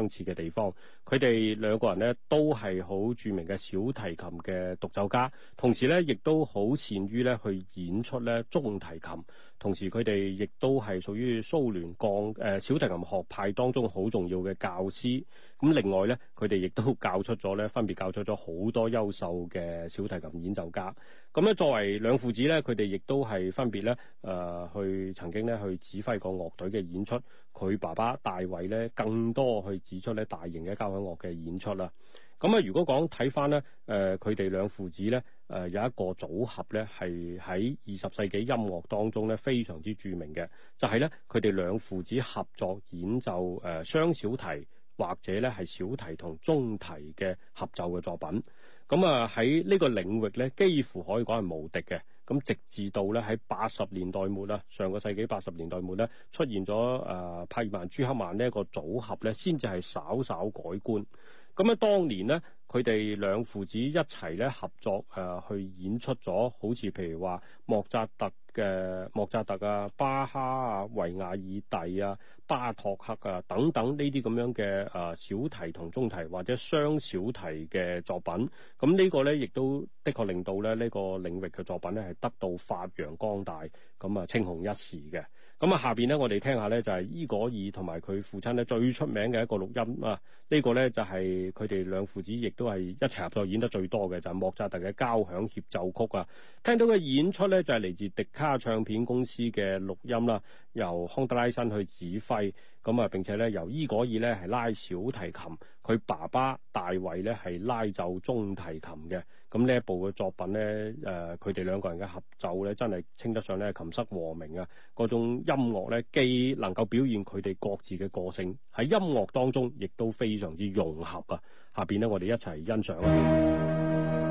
相似嘅地方，佢哋兩個人咧都係好著名嘅小提琴嘅獨奏家，同時咧亦都好善於咧去演出咧中提琴。同時佢哋亦都係屬於蘇聯鋼誒、呃、小提琴學派當中好重要嘅教師。咁另外呢，佢哋亦都教出咗呢，分別教出咗好多優秀嘅小提琴演奏家。咁咧作為兩父子呢，佢哋亦都係分別呢誒、呃、去曾經呢去指揮過樂隊嘅演出。佢爸爸大衛呢，更多去指出呢大型嘅交響樂嘅演出啦。咁啊，如果講睇翻咧，誒佢哋兩父子咧，誒、呃、有一個組合咧，係喺二十世紀音樂當中咧非常之著名嘅，就係咧佢哋兩父子合作演奏誒雙、呃、小提或者咧係小提同中提嘅合奏嘅作品。咁啊喺呢個領域咧，幾乎可以講係無敵嘅。咁直至到咧喺八十年代末啦，上個世紀八十年代末咧出現咗誒帕爾曼、朱克曼呢一個組合咧，先至係稍稍改觀。咁咧，當年咧，佢哋兩父子一齊咧合作誒、呃，去演出咗好似譬如話莫扎特嘅莫扎特啊、巴哈啊、維亞爾蒂啊、巴托克啊等等呢啲咁樣嘅誒、呃、小提同中提或者雙小提嘅作品。咁呢個咧，亦都的確令到咧呢個領域嘅作品咧係得到發揚光大，咁啊青紅一時嘅。咁啊，下邊咧，我哋聽下咧，就係伊果爾同埋佢父親咧最出名嘅一個錄音啊！呢個咧就係佢哋兩父子亦都係一齊合作演得最多嘅，就係莫扎特嘅交響協奏曲啊！聽到嘅演出咧，就係嚟自迪卡唱片公司嘅錄音啦。由康德拉辛去指揮咁啊，並且咧由伊果爾咧係拉小提琴，佢爸爸大衛咧係拉奏中提琴嘅。咁呢一部嘅作品咧，誒、呃，佢哋兩個人嘅合奏咧，真係稱得上咧琴瑟和鳴啊！嗰種音樂咧，既能夠表現佢哋各自嘅個性，喺音樂當中亦都非常之融合啊！下邊咧，我哋一齊欣賞。